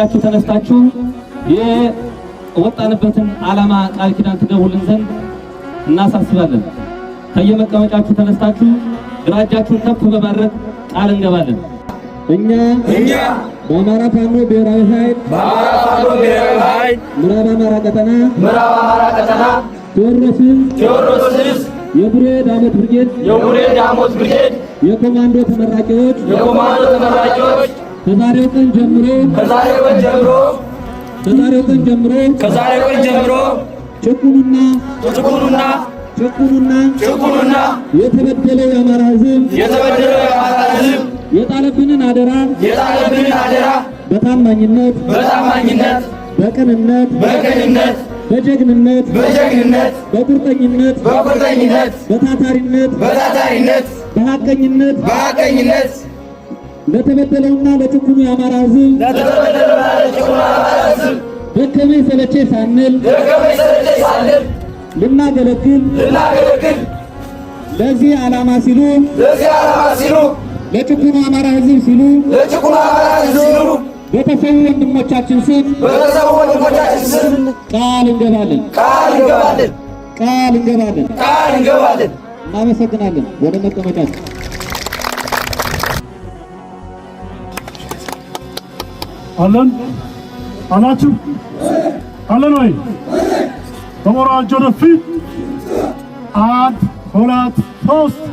ከወንበሮቻችሁ ተነስታችሁ የወጣንበትን ዓላማ ቃል ኪዳን ትገቡልን ዘንድ እናሳስባለን። ከየመቀመጫችሁ ተነስታችሁ ግራጃችሁን ከፍ በማድረግ ቃል እንገባለን። እኛ እኛ በአማራ ፋኖ ብሔራዊ ኃይል በአማራ ፋኖ ብሔራዊ ኃይል ምዕራብ አማራ ቀጠና ምዕራብ አማራ ቀጠና ቴዎድሮስን ቴዎድሮስን የቡሬ ዳሞት ብርጌድ የቡሬ ዳሞት ብርጌድ የኮማንዶ ተመራቂዎች የኮማንዶ ተመራቂዎች ከዛሬው ቀን ጀምሮ ከዛሬው ቀን ጀምሮ ከዛሬው ቀን ጀምሮ ከዛሬው ቀን ጀምሮ ጭቁኑና ጭቁኑና ጭቁኑና ጭቁኑና የተበደለው የአማራ ሕዝብ የተበደለው የአማራ ሕዝብ የጣለብንን አደራ የጣለብንን አደራ በታማኝነት በታማኝነት በቅንነት በቅንነት በጀግንነት በጀግንነት በቁርጠኝነት በቁርጠኝነት በታታሪነት በታታሪነት በሐቀኝነት በሐቀኝነት ለተበደለውና ለጭቁኑ የአማራ ሕዝብ ደከመኝ ሰለቼ ሳንል ልናገለግል ለዚህ ዓላማ ሲሉ ለጭቁኑ አማራ ሕዝብ ሲሉ በተሰዉ ወንድሞቻችን ስም ቃል እንገባለን ቃል እንገባለን ቃል እንገባለን። እናመሰግናለን። ወደ መቀመጫችን አለን አላችሁ አለን ወይ? በሞራል እጅ ወደፊት! አንድ ሁለት ሶስት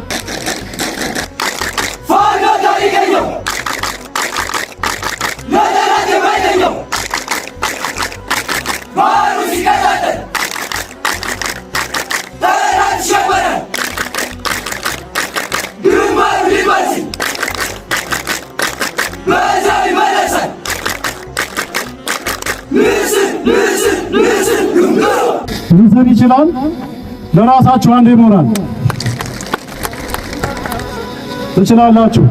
ይችላል። ለራሳችሁ አንድ ይሞራል ትችላላችሁ።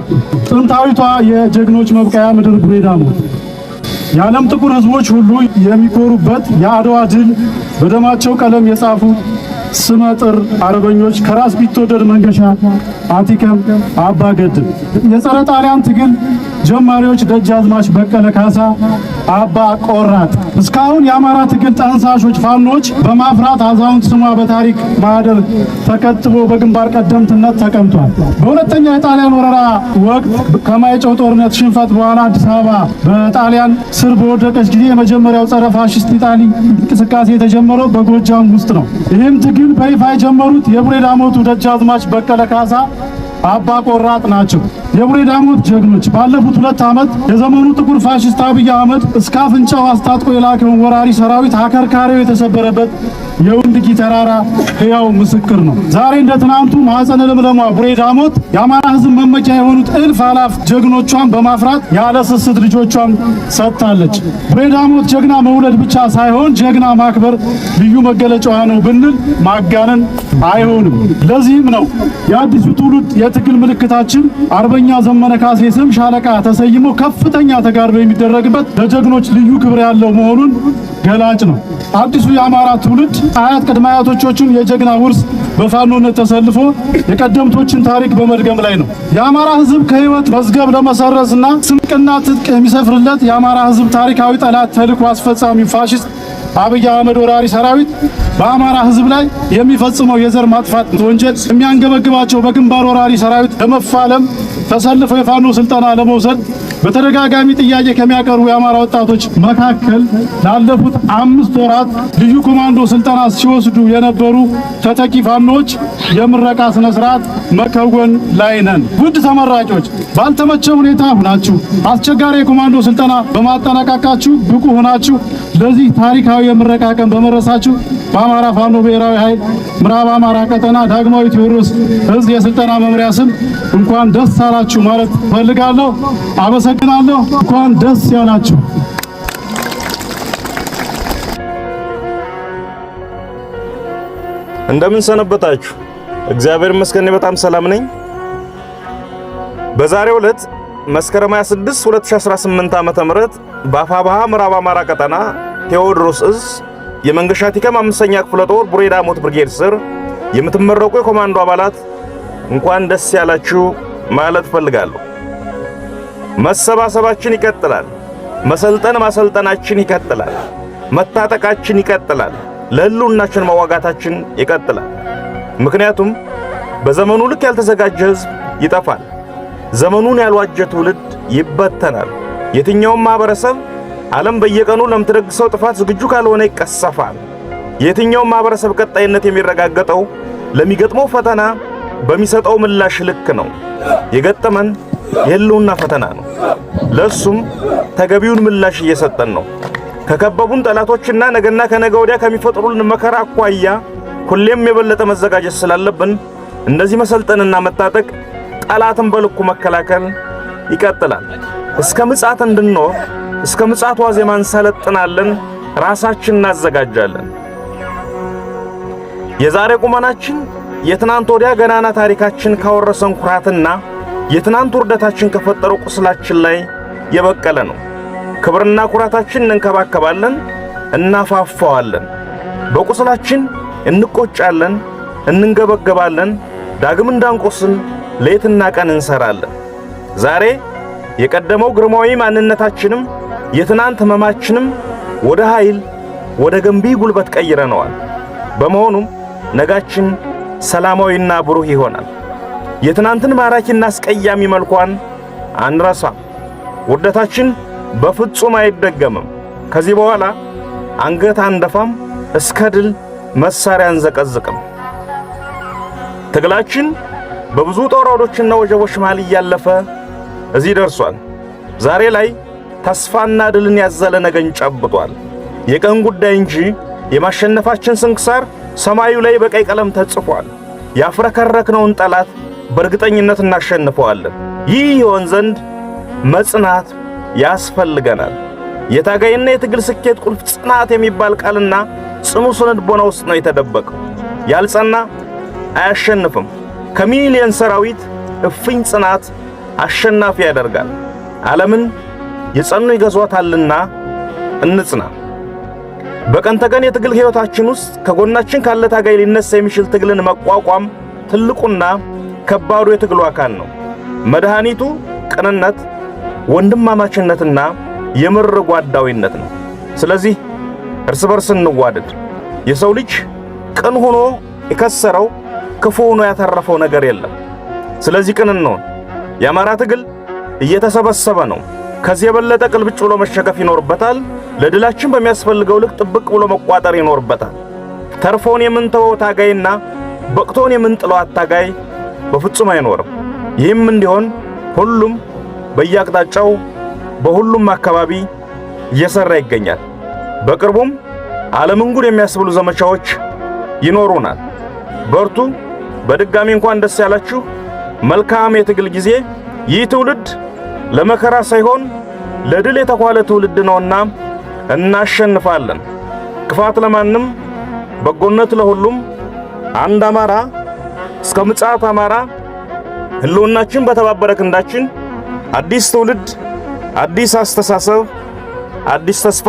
ጥንታዊቷ የጀግኖች መብቀያ ምድር ቡሬዳ ነው። የዓለም ጥቁር ሕዝቦች ሁሉ የሚኮሩበት የአድዋ ድል በደማቸው ቀለም የጻፉ ስመጥር አርበኞች ከራስ ቢትወደድ መንገሻ፣ አቲከም፣ አባገድም ገድም የጸረ ጣሊያን ትግል ጀማሪዎች ደጃዝማች በቀለ ካሳ፣ አባ ቆራት እስካሁን የአማራ ትግል ጠንሳሾች ፋኖች በማፍራት አዛውንት ስሟ በታሪክ ማህደር ተከትቦ በግንባር ቀደምትነት ተቀምጧል። በሁለተኛ የጣሊያን ወረራ ወቅት ከማይጨው ጦርነት ሽንፈት በኋላ አዲስ አበባ በጣሊያን ስር በወደቀች ጊዜ የመጀመሪያው ጸረ ፋሽስት ኢጣሊ እንቅስቃሴ የተጀመረው በጎጃም ውስጥ ነው። ይህም ትግል በይፋ የጀመሩት የቡሬ ዳሞቱ ደጃዝማች በቀለ ካሳ አባ ቆራጥ ናቸው። የቡሬ ዳሞት ጀግኖች ባለፉት ሁለት ዓመት የዘመኑ ጥቁር ፋሽስት አብይ አህመድ እስከ አፍንጫው አስታጥቆ የላከውን ወራሪ ሰራዊት አከርካሪው የተሰበረበት የውንድቂ ተራራ ሕያው ምስክር ነው። ዛሬ እንደ ትናንቱ ማኅፀነ ለምለሟ ቡሬ ዳሞት የአማራ ሕዝብ መመኪያ የሆኑት እልፍ አላፍ ጀግኖቿን በማፍራት ያለ ስስት ልጆቿን ሰጥታለች። ቡሬ ዳሞት ጀግና መውለድ ብቻ ሳይሆን ጀግና ማክበር ልዩ መገለጫዋ ነው ብንል ማጋነን አይሆንም። ለዚህም ነው የአዲሱ ትውልድ የትግል ምልክታችን አርበኛ በአርበኛ ዘመነ ካሴ ስም ሻለቃ ተሰይሞ ከፍተኛ ተጋድሎ የሚደረግበት ለጀግኖች ልዩ ክብር ያለው መሆኑን ገላጭ ነው። አዲሱ የአማራ ትውልድ አያት ቅድመ አያቶቻችን የጀግና ውርስ በፋኖነት ተሰልፎ የቀደምቶችን ታሪክ በመድገም ላይ ነው። የአማራ ሕዝብ ከህይወት መዝገብ ለመሰረዝና ስንቅና ትጥቅ የሚሰፍርለት የአማራ ሕዝብ ታሪካዊ ጠላት ተልዕኮ አስፈጻሚ ፋሽስት አብይ አህመድ ወራሪ ሰራዊት በአማራ ህዝብ ላይ የሚፈጽመው የዘር ማጥፋት ወንጀል የሚያንገበግባቸው በግንባር ወራሪ ሰራዊት ለመፋለም ተሰልፈው የፋኖ ስልጠና ለመውሰድ በተደጋጋሚ ጥያቄ ከሚያቀርቡ የአማራ ወጣቶች መካከል ላለፉት አምስት ወራት ልዩ ኮማንዶ ስልጠና ሲወስዱ የነበሩ ተተኪ ፋኖዎች የምረቃ ስነስርዓት መከወን ላይ ነን። ውድ ተመራቂዎች ባልተመቸ ሁኔታ ሁናችሁ አስቸጋሪ የኮማንዶ ስልጠና በማጠናቀቃችሁ ብቁ ሆናችሁ። ለዚህ ታሪካዊ የምረቃ ቀን በአማራ ፋኖ ብሔራዊ ኃይል ምዕራብ አማራ ቀጠና ዳግማዊ ቴዎድሮስ እዝ የስልጠና መምሪያ ስም እንኳን ደስ አላችሁ ማለት ፈልጋለሁ። አመሰግናለሁ። እንኳን ደስ ያላችሁ። እንደምን ሰነበታችሁ? እግዚአብሔር ይመስገን በጣም ሰላም ነኝ። በዛሬው ዕለት መስከረም 26 2018 ዓ.ም ተመረጥ በአፋባሃ ምዕራብ አማራ ቀጠና ቴዎድሮስ እዝ የመንገሻ ቲከም አምስተኛ ክፍለ ጦር ቡሬ ዳሞት ብርጌድ ስር የምትመረቁ የኮማንዶ አባላት እንኳን ደስ ያላችሁ ማለት ፈልጋለሁ። መሰባሰባችን ይቀጥላል። መሰልጠን ማሰልጠናችን ይቀጥላል። መታጠቃችን ይቀጥላል። ለሕልውናችን መዋጋታችን ይቀጥላል። ምክንያቱም በዘመኑ ልክ ያልተዘጋጀ ህዝብ ይጠፋል። ዘመኑን ያልዋጀ ትውልድ ይበተናል። የትኛውም ማህበረሰብ ዓለም በየቀኑ ለምትደግሰው ጥፋት ዝግጁ ካልሆነ ይቀሰፋል። የትኛውም ማህበረሰብ ቀጣይነት የሚረጋገጠው ለሚገጥመው ፈተና በሚሰጠው ምላሽ ልክ ነው። የገጠመን የሕልውና ፈተና ነው። ለሱም ተገቢውን ምላሽ እየሰጠን ነው። ከከበቡን ጠላቶችና ነገና ከነገ ወዲያ ከሚፈጥሩልን መከራ አኳያ ሁሌም የበለጠ መዘጋጀት ስላለብን እንደዚህ መሰልጠንና መታጠቅ፣ ጠላትን በልኩ መከላከል ይቀጥላል። እስከ ምጽአት እንድንኖር እስከ ምጽአት ዋዜማ እንሰለጥናለን፣ ራሳችን እናዘጋጃለን። የዛሬ ቁመናችን የትናንት ወዲያ ገናና ታሪካችን ካወረሰን ኩራትና የትናንት ውርደታችን ከፈጠረው ቁስላችን ላይ የበቀለ ነው። ክብርና ኩራታችን እንንከባከባለን፣ እናፋፋዋለን። በቁስላችን እንቆጫለን፣ እንንገበገባለን፣ ዳግም እንዳንቆስል ሌትና ቀን እንሰራለን። ዛሬ የቀደመው ግርማዊ ማንነታችንም የትናንት ህመማችንም ወደ ኃይል ወደ ገንቢ ጉልበት ቀይረነዋል። በመሆኑም ነጋችን ሰላማዊና ብሩህ ይሆናል። የትናንትን ማራኪና አስቀያሚ መልኳን አንረሳ። ውርደታችን በፍጹም አይደገምም። ከዚህ በኋላ አንገት አንደፋም እስከ ድል መሳሪያ አንዘቀዝቅም። ትግላችን በብዙ ጦር ወጀቦች መሃል እያለፈ እዚህ ደርሷል። ዛሬ ላይ ተስፋና ድልን ያዘለ ነገን ጨብጧል። የቀን ጉዳይ እንጂ የማሸነፋችን ስንክሳር ሰማዩ ላይ በቀይ ቀለም ተጽፏል። ያፍረከረክነውን ጠላት በእርግጠኝነት እናሸንፈዋለን። ይህ ይሆን ዘንድ መጽናት ያስፈልገናል። የታጋይና የትግል ስኬት ቁልፍ ጽናት የሚባል ቃልና ጽኑ ስነልቦና ውስጥ ነው የተደበቀው። ያልጸና አያሸንፍም። ከሚሊየን ሰራዊት እፍኝ ጽናት አሸናፊ ያደርጋል። ዓለምን የጸኑ ይገዟታልና እንጽና። በቀን ተቀን የትግል ሕይወታችን ውስጥ ከጎናችን ካለ ታጋይ ሊነሳ የሚችል ትግልን መቋቋም ትልቁና ከባዱ የትግሉ አካል ነው። መድኃኒቱ ቅንነት፣ ወንድማማችነትና የምር ጓዳዊነት ነው። ስለዚህ እርስ በርስ እንዋደድ። የሰው ልጅ ቅን ሆኖ የከሰረው ክፉ ሆኖ ያተረፈው ነገር የለም። ስለዚህ ቅን እንሆን። የአማራ ትግል እየተሰበሰበ ነው። ከዚህ የበለጠ ቅልብጭ ብሎ መሸከፍ ይኖርበታል። ለድላችን በሚያስፈልገው ልክ ጥብቅ ብሎ መቋጠር ይኖርበታል። ተርፎን የምንተወው ታጋይና በቅቶን የምንጥለው አታጋይ በፍጹም አይኖርም። ይህም እንዲሆን ሁሉም በየአቅጣጫው በሁሉም አካባቢ እየሰራ ይገኛል። በቅርቡም ዓለምን ጉድ የሚያስብሉ ዘመቻዎች ይኖሩናል። በርቱ። በድጋሚ እንኳን ደስ ያላችሁ። መልካም የትግል ጊዜ። ይህ ትውልድ ለመከራ ሳይሆን ለድል የተኳለ ትውልድ ነውና እናሸንፋለን። ክፋት ለማንም በጎነት ለሁሉም። አንድ አማራ እስከ ምጽአት አማራ። ህልውናችን በተባበረ ክንዳችን። አዲስ ትውልድ፣ አዲስ አስተሳሰብ፣ አዲስ ተስፋ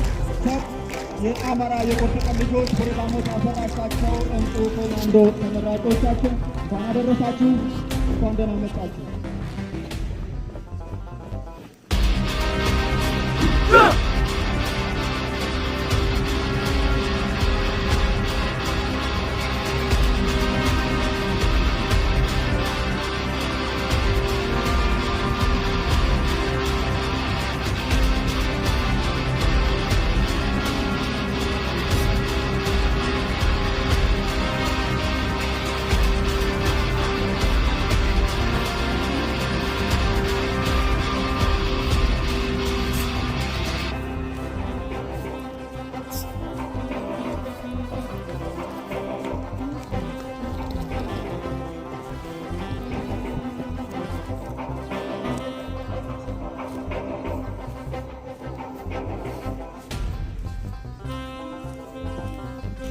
የአማራ የቆርጥ ቀን ልጆች ፕሮግራሞች አሰራጫቸው እንቁ ኮማንዶ ተመራጮቻችን ባደረሳችሁ እንኳን ደህና መጣችሁ።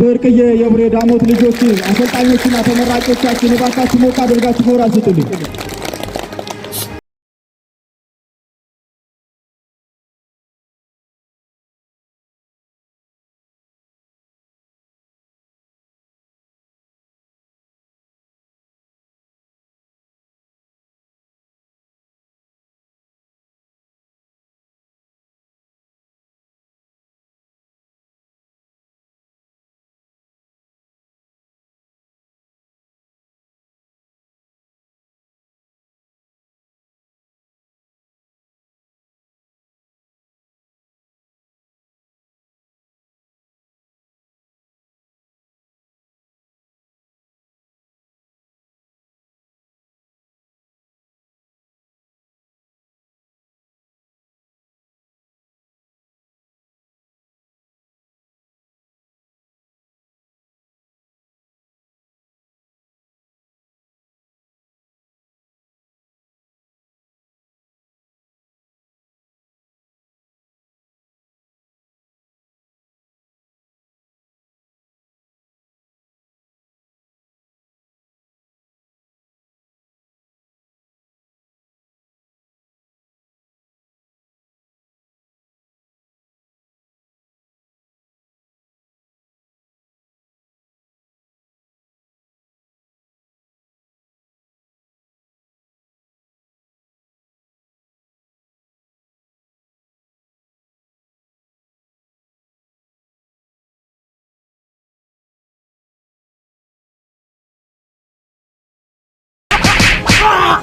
ብርቅዬ የቡሬ ዳሞት ልጆች አሰልጣኞችና ተመራቂዎቻችን እባካችሁ ሞቅ አድርጋችሁ ሞራል ስጡልኝ። Ah!